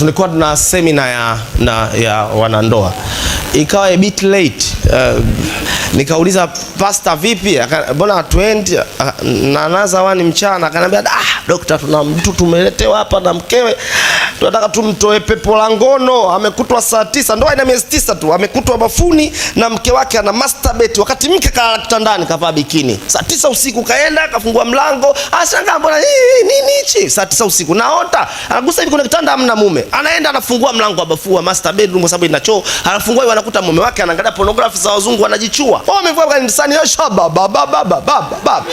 tulikuwa tuna semina ya, na, ya wanandoa ikawa a bit late uh, nikauliza pasta, vipi, mbona uh, na nazawani mchana? Akaniambia ah, dokta, tuna mtu tumeletewa hapa na mkewe tunataka tumtoe pepo la ngono. Amekutwa saa tisa, ndoa ina miezi tisa tu, amekutwa bafuni na mke wake ana masturbate, wakati mke kalala kitandani kavaa bikini. Saa tisa usiku kaenda kafungua mlango, ashangaa mbona hii nini hichi? Saa tisa usiku naota, anagusa hivi, kuna kitanda hamna mume, anaenda anafungua mlango wa bafu wa master bedroom, kwa sababu ina choo, anafungua hivi, anakuta mume wake anaangalia pornography za wazungu, anajichua wao, oh, wamevua kwa ndisani kanisani, shaba baba baba baba baba baba,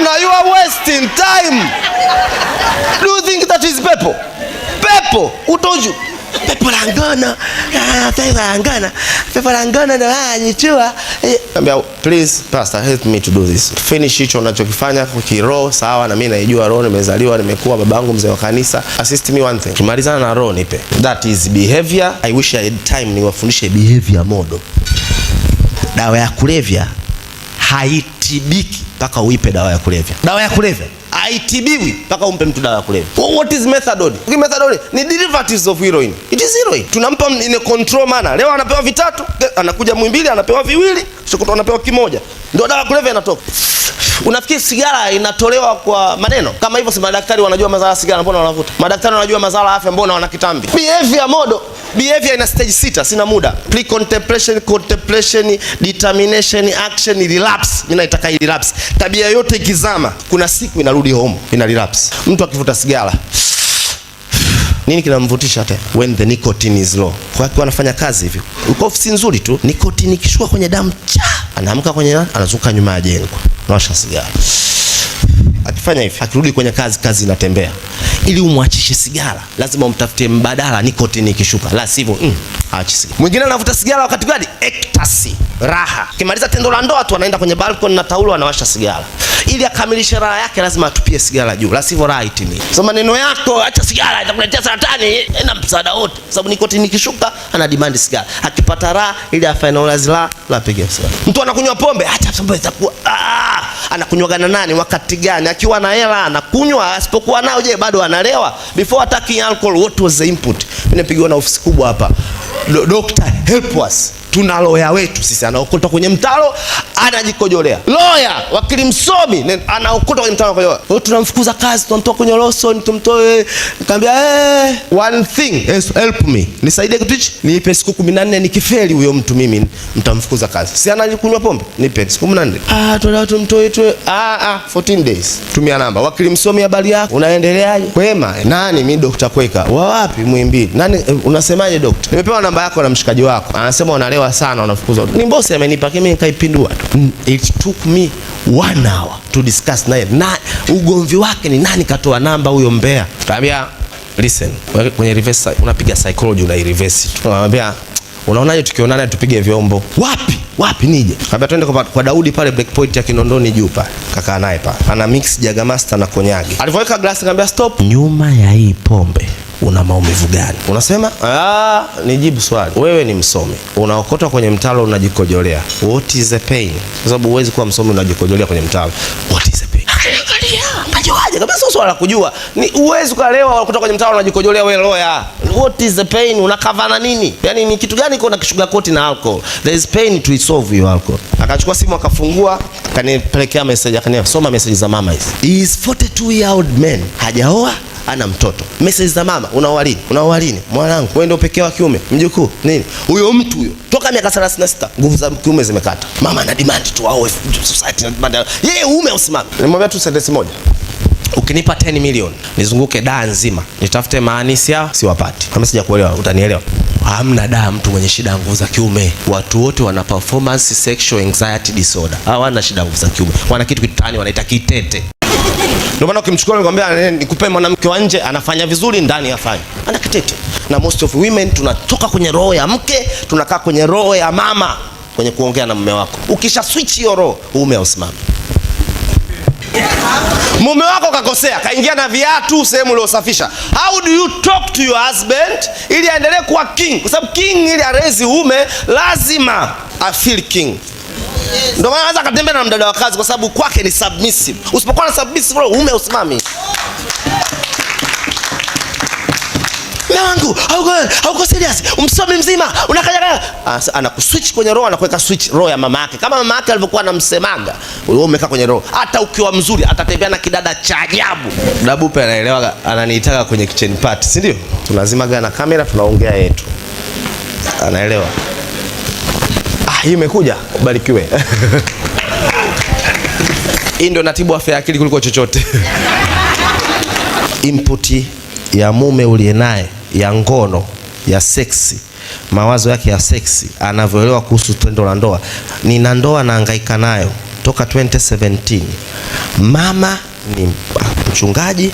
mna you are wasting time do you think that is pepo pepo utoju pepo la ngana ah, pepo la ngana pepo la ngana ndo ananichua eh. Ambia, please pastor help me to do this. Finish hicho unachokifanya kwa kiroho, sawa na mimi naijua roho, nimezaliwa nimekuwa, babangu mzee wa kanisa. Assist me one thing, kimalizana na roho nipe, that is behavior. I wish I had time niwafundishe behavior modo. Dawa ya kulevya haitibiki mpaka uipe dawa ya kulevya. Dawa ya kulevya haitibiwi mpaka umpe mtu dawa ya kulevya. What is methadone? Okay, methadone ni derivatives of heroin. It is heroin. Tunampa in a control manner. Leo anapewa vitatu, anakuja mwimbili anapewa viwili, kesho anapewa kimoja. Ndio dawa ya kulevya inatoka. Unafikiri sigara inatolewa kwa maneno kama hivyo? Si madaktari wanajua madhara sigara, mbona wanavuta? Madaktari wanajua madhara afya, mbona wana kitambi? Behavior modo, behavior ina stage sita, sina muda. Pre contemplation, contemplation, determination, action, relapse. Mimi naitaka hii relapse. Tabia yote ikizama, kuna siku inarudi home, ina relapse. Mtu akivuta sigara nini kinamvutisha tena when the nicotine is low? Kwa hiyo anafanya kazi hivyo, uko ofisi nzuri tu, nicotine ikishuka kwenye damu cha anaamka kwenye, anazuka nyuma ya jengo, anawasha sigara akifanya hivi, akirudi kwenye kazi, kazi inatembea. Ili umwachishe sigara, lazima umtafutie mbadala, nikotini ikishuka, la sivyo mm, aachi sigara. Mwingine anavuta sigara wakati gani? Ecstasy, raha. Kimaliza tendo la ndoa tu anaenda kwenye balcony na taulo anawasha sigara. Ili akamilishe raha yake, lazima atupie sigara juu, la sivyo raha itimie. So maneno yako, acha sigara, itakuletea saratani, ina msaada wote, sababu nikotini ikishuka, ana demand sigara. Akipata raha, ili afanye na la la piga sigara. Mtu anakunywa pombe, acha pombe itakuwa ah anakunywaga na nani, wakati gani, akiwa na hela anakunywa, asipokuwa nao je, bado analewa? Before attacking alcohol, what was the input? Mimi napigiwa na ofisi kubwa hapa, doctor help us tuna loya wetu sisi, anaokota kwenye mtaro anajikojolea. Loya wakili msomi anaokota kwenye mtaro anajikojolea. Kwa hiyo tunamfukuza kazi, tunamtoa kwenye Lawson, tumtoe nikamwambia, eh one thing yes, help me, nisaidie kitu hichi, nipe siku 14, nikifeli huyo mtu mimi mtamfukuza kazi. Si anajikunywa pombe, nipe siku 14. Ah, tunataka tumtoe tu ah ah 14 days. Tumia namba wakili msomi, habari yako, unaendeleaje? Kwema. Eh, nani mimi Dr. Kweka. Wa wapi? Muhimbili. Nani eh, unasemaje Dr.? Nimepewa namba yako na mshikaji wako. Anasema unaelewa wanaelewa sana, wanafukuza watu. Ni bosi amenipa kimi, nikaipindua tu. It took me one hour to discuss naye na ugomvi wake ni nani katoa namba huyo mbea. Kaambia listen, kwenye reverse unapiga psychology, una reverse tu. Kaambia unaonaje tukionana tupige vyombo? Wapi wapi nije? Kaambia twende kwa, kwa Daudi pale break point ya Kinondoni juu pale, Kaka naye pa. ana mix Jagamaster na Konyagi. Alivyoweka glass, kaambia stop, nyuma ya hii pombe una maumivu gani? Unasema ah, nijibu swali. Wewe ni msomi, unaokota kwenye mtalo unajikojolea, what is the pain? Kwa sababu huwezi kuwa msomi unajikojolea kwenye mtalo, what is the pain? Unajuaje? Kabisa sio swala kujua. Ni uwezo kalewa kutoka kwenye mtaro unajikojolea wewe loya. What is the pain? Unakava na nini? Yani ni kitu gani na kishuga koti na alcohol? There is pain to solve your alcohol. Akachukua simu akafungua, akanipelekea message, akaniambia soma message za mama hizi. He is 42 year old man. Hajaoa, ana mtoto, message za mama unawalini, unawalini mwanangu, wewe ndio pekee wa kiume, mjukuu nini, huyo mtu huyo toka miaka 36 nguvu za kiume zimekata. Mama ana demand tu aoe, society demand. yeye uume usimame. Nimwambia tu sentence moja Ukinipa 10 milioni nizunguke daa nzima nitafute maanisi ya siwapati. Kama sijakuelewa utanielewa. Hamna daa mtu mwenye shida ya nguvu za kiume. Watu wote wana performance sexual anxiety disorder, hawana shida ya nguvu za kiume, wana kitu kitani wanaita kitete. Ndio maana ukimchukua nikwambia eh, nikupe mwanamke wa nje anafanya vizuri, ndani afanye ana kitete. Na most of women tunatoka kwenye roho ya mke tunakaa kwenye roho ya mama kwenye kuongea na mume wako. Ukisha switch hiyo roho, uume usimame. Mume wako kakosea, kaingia na viatu sehemu uliosafisha. How do you talk to your husband ili aendelee kuwa king? Kwa sababu king ili arezi uume lazima afeel king. Ndio maana anaweza akatembea na mdada wa kazi kwa sababu kwake ni submissive. Usipokuwa na submissive roho ume usimami wangu hauko hauko serious, msomi mzima unakaja ah, anakuswitch kwenye roho, anakuweka switch roho ya mama yake, kama mama yake alivyokuwa anamsemaga wewe, umekaa kwenye roho. Hata ukiwa mzuri atatembea na kidada cha ajabu. Dabupe anaelewa, ananiitaka kwenye kitchen party, si ndio? Tunazimaga na kamera, tunaongea yetu, anaelewa hii imekuja, ubarikiwe. Hii ndio natibu afya ya akili kuliko chochote. Input ya mume uliye naye ya ngono ya seksi, mawazo yake ya seksi, anavyoelewa kuhusu tendo la ndoa. Nina ndoa naangaika nayo toka 2017 mama ni mchungaji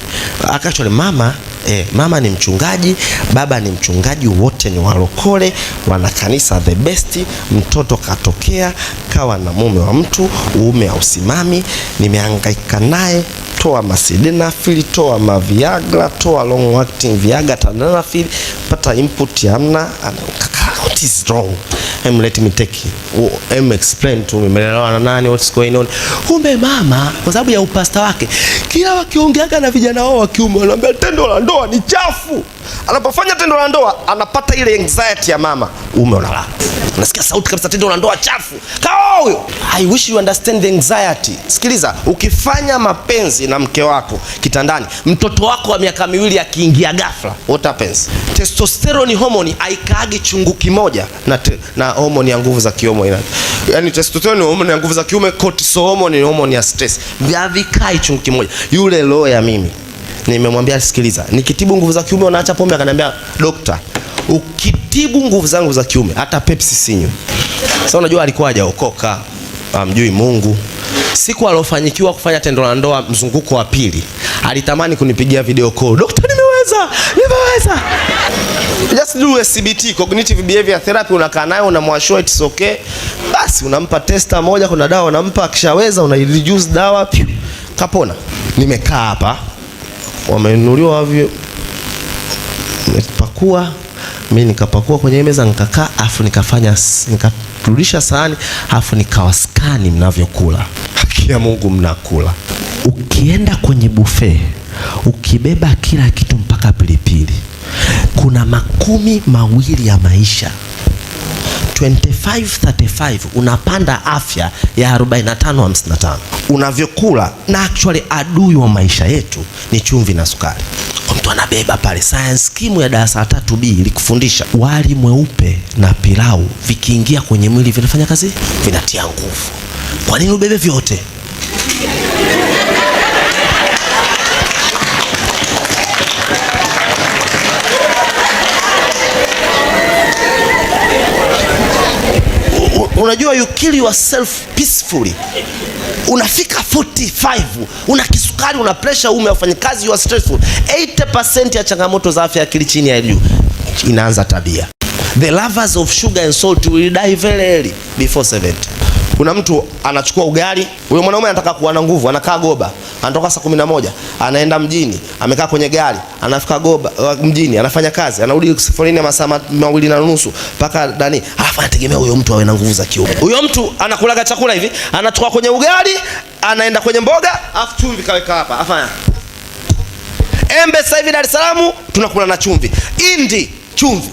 actually mama eh, mama ni mchungaji, baba ni mchungaji, wote ni walokole, wana kanisa the best. Mtoto katokea kawa na mume wa mtu, uume usimami nimehangaika naye toa masildenafil toa maviagra toa long acting viagra, tadalafil, pata input hamna what is wrong em let me take em explain to me umeelewana nani what's going on. Kumbe mama kwa sababu ya upasta wake kila wakiongeaga na vijana wao wa kiume wanaambia tendo la ndoa ni chafu. Anapofanya tendo la ndoa anapata ile anxiety ya mama, ume unalala, unasikia sauti kabisa, tendo la ndoa chafu kao huyo. I wish you understand the anxiety. Sikiliza, ukifanya mapenzi na mke wako kitandani, mtoto wako wa miaka miwili akiingia ghafla, what happens? Testosterone hormone haikaagi chungu kimoja moja na, na homoni ya nguvu za kiume ina yani, testosterone ni homoni ya nguvu za kiume, cortisol homoni ni homoni ya stress, havikai chungu kimoja. Yule loya ya mimi nimemwambia sikiliza, nikitibu nguvu za kiume unaacha pombe, akaniambia dokta, ukitibu nguvu zangu za kiume hata Pepsi sinywi. Sasa unajua alikuwa hajaokoka amjui Mungu. Siku alofanyikiwa kufanya tendo la ndoa mzunguko wa pili, alitamani kunipigia video call, dokta, nimeweza, nimeweza. Just do CBT, cognitive behavior therapy, unakaa naye unamwashua it's okay. Basi unampa testa moja, kuna dawa unampa, akishaweza una reduce dawa pia kapona. Nimekaa hapa, wamenunuliwa wavyo, nimepakua mimi nikapakua kwenye meza nikakaa, afu nikafanya nikarudisha sahani, afu nikawaskani mnavyokula. Haki ya Mungu, mnakula. Ukienda kwenye buffet ukibeba kila kitu mpaka pilipili kuna makumi mawili ya maisha 25 35 unapanda afya ya 45 55. Unavyokula na actually, adui wa maisha yetu ni chumvi na sukari. Kwa mtu anabeba pale, science kimu ya darasa la 3B ilikufundisha wali mweupe na pilau vikiingia kwenye mwili vinafanya kazi, vinatia nguvu. Kwa nini ubebe vyote? unajua you kill yourself peacefully. Unafika 45 una kisukari, una pressure, ume ufanye kazi, you are stressful. 80% ya changamoto za afya ya akili chini ya juu inaanza tabia. The lovers of sugar and salt will die very early before 70. Kuna mtu anachukua ugali, huyo mwanaume anataka kuwa na nguvu, anakaa Goba, anatoka saa kumi na moja anaenda mjini, amekaa kwenye gari, anafika Goba uh, mjini, anafanya kazi, anarudi safarini masaa mawili na nusu mpaka ndani, alafu anategemea huyo mtu awe na nguvu za kiume. Huyo mtu anakulaga chakula hivi, anatoka kwenye ugali, anaenda kwenye mboga, afu chumvi kaweka hapa, afanya embe. Sasa hivi Dar es Salaam tunakula na chumvi, Indi chumvi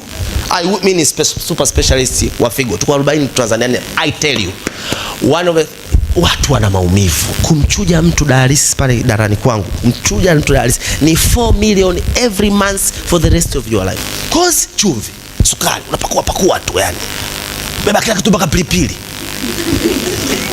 I, mean ni super specialist wa figo, tuko 40 Tanzania. I tell you one of the watu wana maumivu. Kumchuja mtu dialysis pale darani kwangu, kumchuja mtu dialysis ni 4 million every month for the rest of your life. Cause chumvi, sukari, unapakua pakua tu yani, beba kila kitu mpaka pilipili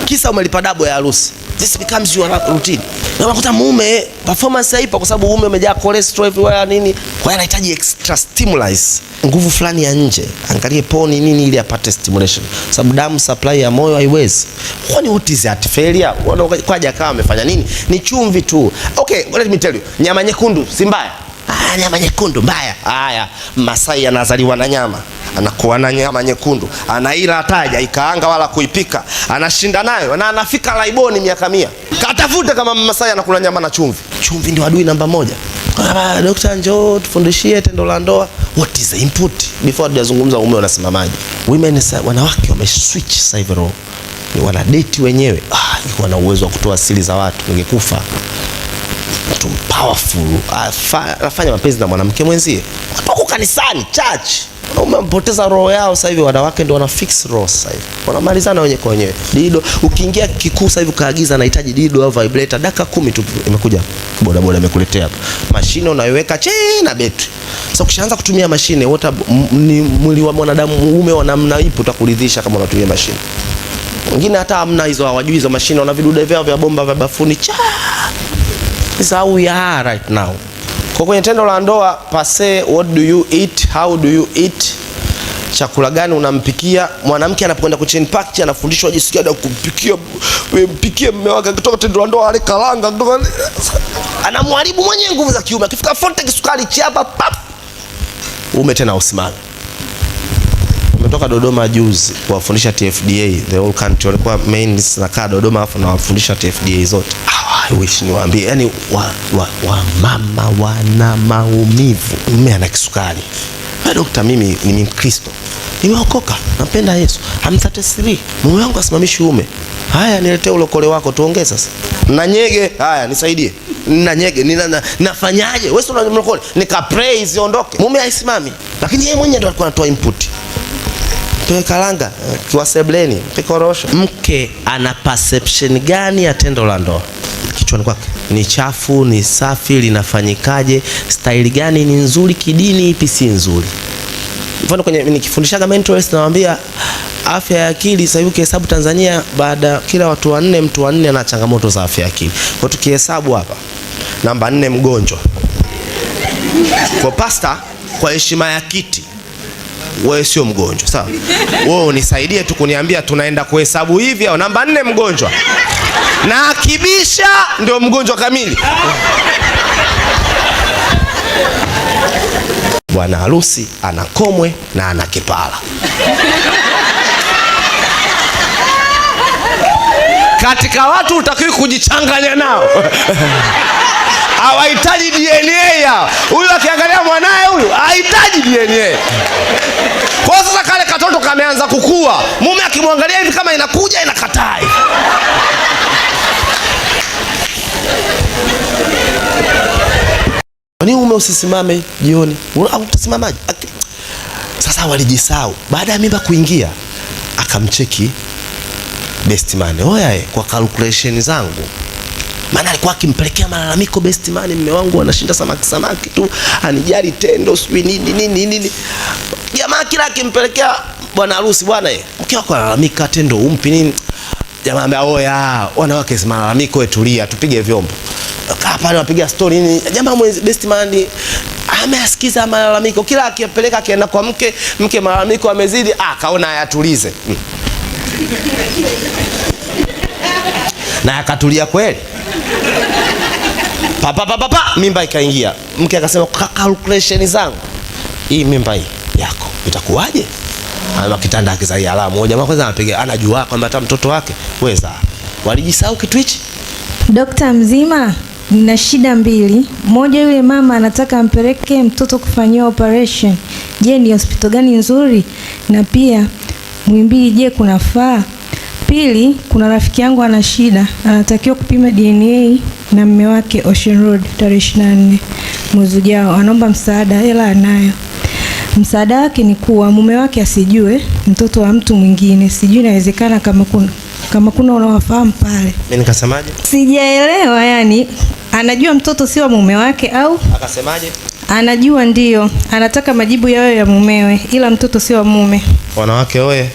kisa umelipa dabo ya harusi. This becomes your routine. Na unakuta mume performance haipo kwa sababu mume umejaa cholesterol everywhere nini. Kwa hiyo anahitaji extra stimulus, nguvu fulani ya nje. Angalie poni nini ili apate stimulation. Sababu damu supply ya moyo haiwezi. Kwa nini, what is heart failure? Kwaje akawa amefanya nini? Ni chumvi tu. Okay, let me tell you. Nyama nyekundu si mbaya. Ah, nyama nyekundu mbaya. Haya, Masai anazaliwa na nyama anakuwa na nyama nyekundu, anaila ataja ikaanga wala kuipika, anashinda nayo na anafika laiboni miaka mia. Katafute kama Masai anakula nyama na chumvi. Chumvi ndio adui namba moja. Ah, Dokta, njoo tufundishie tendo la ndoa. What is the input? Before hatujazungumza ume unasimamaje, women wanawake wame switch sasa hivi role ni wana date wenyewe. Ah, wana uwezo wa kutoa siri za watu, ningekufa mtu powerful afanya mapenzi na mwanamke mwenzie kutoka kanisani church umempoteza roho yao. Sasa hivi wanawake ndio wana fix roho, sasa hivi wanamalizana wenyewe kwa wenyewe. Dido ukiingia kikuu sasa hivi ukaagiza nahitaji dido au vibrator, dakika kumi tu imekuja boda boda imekuletea hapo. Mashine unaiweka chini na betri. Sasa so, ukishaanza kutumia mashine wote, ni mwili wa mwanadamu uume wa namna ipo utakuridhisha kama unatumia mashine. Wengine hata hamna hizo, hawajui hizo mashine, wana vidude vyao vya bomba vya bafuni cha. Sasa au ya right now kwa kwenye tendo la ndoa pase, what do you eat, how do you eat, chakula gani unampikia mwanamke. Anapokwenda kuchain pack, anafundishwa jinsi gani ya kumpikia, mpikie mume wake akitoka tendo la ndoa, ale anamharibu mwenyewe nguvu za kiume. Akifika forte, kisukari chapa, pap, ume tena usimame kutoka Dodoma juzi kuwafundisha TFDA the whole country, walikuwa mains na kaa Dodoma afu nawafundisha TFDA zote. Oh, I wish niwaambie, yani wa, wa wa mama wana maumivu. Mume ana kisukari, dokta, mimi ni Mkristo, nimeokoka, napenda Yesu, I'm 33, mume wangu asimamishi ume. Haya, niletee ulokole wako tuongee sasa. Na nyege, haya nisaidie na nyege nina, na, nafanyaje? Wewe sio unamlokole, nika praise iondoke, mume aisimami, lakini yeye mwenyewe ndo alikuwa anatoa input. Mpeke karanga, kiwa sebleni, Mke ana perception gani ya tendo la ndoa? Kichwani kwake ni chafu, ni safi, linafanyikaje? Staili gani ni nzuri kidini, ipi si nzuri? Mfano kwenye nikifundishaga mentors, nawaambia afya ya akili sasa hivi ukihesabu Tanzania, baada kila watu wanne mtu wanne ana changamoto za afya ya akili. Kwa tukihesabu hapa namba nne mgonjwa. Kwa pasta, kwa heshima ya kiti wewe sio mgonjwa sawa. Wewe unisaidie tu kuniambia tunaenda kuhesabu hivi au namba nne mgonjwa, na akibisha ndio mgonjwa kamili. Bwana harusi ana komwe na ana Katika watu utakiwi kujichanganya nao hawahitaji DNA. Huyu akiangalia mwanaye huyu hahitaji DNA. Kwa sasa kale katoto kameanza kukua, mume akimwangalia hivi kama inakuja inakatai Kwani ume usisimame jioni? Utasimamaje? Sasa walijisau Baada ya mimba kuingia, akamcheki best man, oya, eh, kwa calculation zangu maana alikuwa akimpelekea malalamiko best man, mme wangu anashinda samaki samaki tu, anijali tendo, sijui nini nini nini. Jamaa kila akimpelekea bwana harusi, bwana yeye eh, mke wako analalamika tendo umpi nini. Jamaa ambaye oya, oh, wanawake si malalamiko, etulia, tupige vyombo kaa pale, wapiga story nini. Jamaa mwenzi best man ameasikiza malalamiko, kila akipeleka akienda kwa mke, mke malalamiko amezidi, ah, ayatulize na akatulia kweli papapapapa, mimba ikaingia. Mke akasema kwa calculation zangu, hii mimba hii yako itakuwaje? Ama kitanda akizai alamu moja mwa kwanza anapiga, anajua kwamba hata mtoto wake weza. Walijisahau kitu hichi. Dokta mzima, nina shida mbili. Moja, yule mama anataka ampeleke mtoto kufanyiwa operation. Je, ni hospitali gani nzuri? Na pia mwimbili je, kunafaa? Pili, kuna rafiki yangu ana shida, anatakiwa kupima DNA na mme wake Ocean Road tarehe 24 mwezi ujao. Anaomba msaada, hela anayo. Msaada wake ni kuwa mume wake asijue mtoto wa mtu mwingine. Sijui inawezekana kama kuna kama kuna unawafahamu pale. Mimi nikasemaje? Sijaelewa yani anajua mtoto si wa mume wake au akasemaje? Anajua ndio, anataka majibu yayo ya mumewe, ila mtoto si wa mume. Wanawake oye!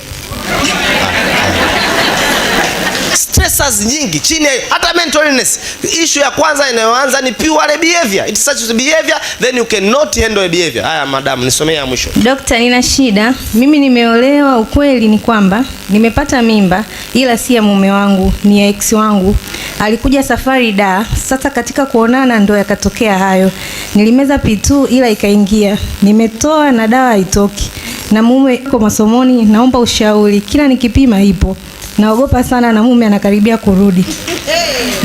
cancers nyingi chini ya hata mental illness. Issue ya kwanza inayoanza ni pure behavior, it's such a behavior then you cannot handle a behavior. Haya, madam, nisomee ya mwisho. Dokta, nina shida mimi, nimeolewa. Ukweli ni kwamba nimepata mimba, ila si ya mume wangu, ni ya ex wangu. Alikuja safari da. Sasa katika kuonana ndo yakatokea hayo. Nilimeza P2 ila ikaingia, nimetoa na dawa haitoki, na mume yuko masomoni. Naomba ushauri, kila nikipima ipo naogopa sana na mume anakaribia kurudi.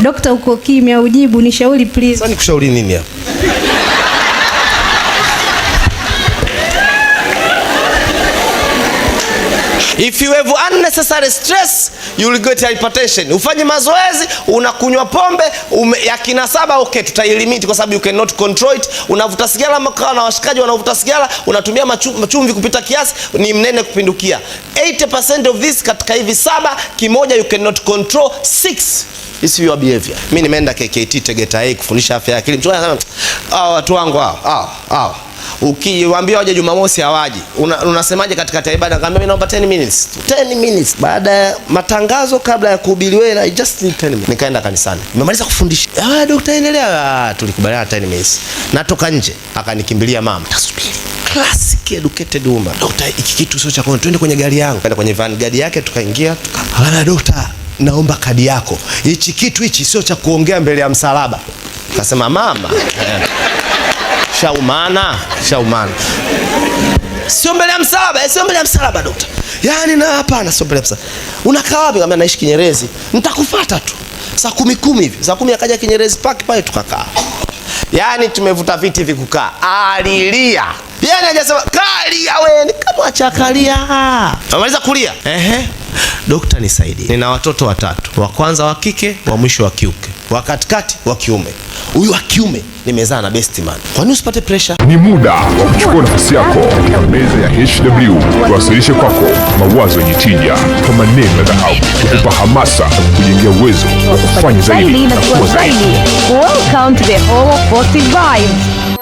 Dokta, uko kimya, ujibu nishauri please. Sasa nikushauri nini hapa? If you have unnecessary stress, you will get hypertension. Ufanye mazoezi, unakunywa pombe, ya kina saba okay, tutailimiti kwa sababu you cannot control it. Unavuta sigara na washikaji wanavuta sigara, unatumia machumvi kupita kiasi, ni mnene kupindukia. 80% of this katika hivi saba, kimoja you cannot control, six is your behavior. Mimi nimeenda KKT Tegeta kufundisha afya ya akili. Mchungaji sana. ah, watu wangu hao, hao, hao ukiwaambia waje Jumamosi hawaji, unasemaje? Una katika taibada, kaambia mimi naomba 10 minutes 10 minutes, baada ya matangazo, kabla ya kuhubiri wewe, I just need 10 minutes. Nikaenda kanisani, nimemaliza kufundisha, ah, daktari, endelea. Ah, tulikubaliana 10 minutes, natoka nje, akanikimbilia mama, tasubiri Classic educated woman. Dokta, iki kitu sio cha kwenda, twende kwenye gari yangu. Kaenda kwenye van gari yake, tukaingia tukaana, dokta, naomba kadi yako, hichi kitu hichi sio cha kuongea mbele ya msalaba. Kasema mama Shaumana, shaumana. Sio mbele ya msalaba, eh, sio mbele ya msalaba dokta. Yaani na hapana sio mbele ya msalaba. Unakaa wapi? Kama naishi Kinyerezi, nitakufuata tu. Saa kumi kumi hivi. Saa kumi akaja Kinyerezi Park pale tukakaa. Yaani tumevuta viti kukaa. Alilia. Yaani hajasema kalia wewe, acha kalia. Amaliza kulia. Ehe. Dokta nisaidie, nina watoto watatu, wa kwanza wa kike, wa mwisho wa kiuke, wa katikati wa kiume. Huyu wa kiume nimezaa na best man. Kwa nini usipate pressure? Ni muda wa kuchukua nafasi yako katika meza ya HW, tuwasilishe kwako mawazo yenye tija kwa maneno ya dhahabu, kukupa hamasa na uwezo wa kufanya zaidi na kuwa zaidi. Welcome to the Hall of Positive Vibes.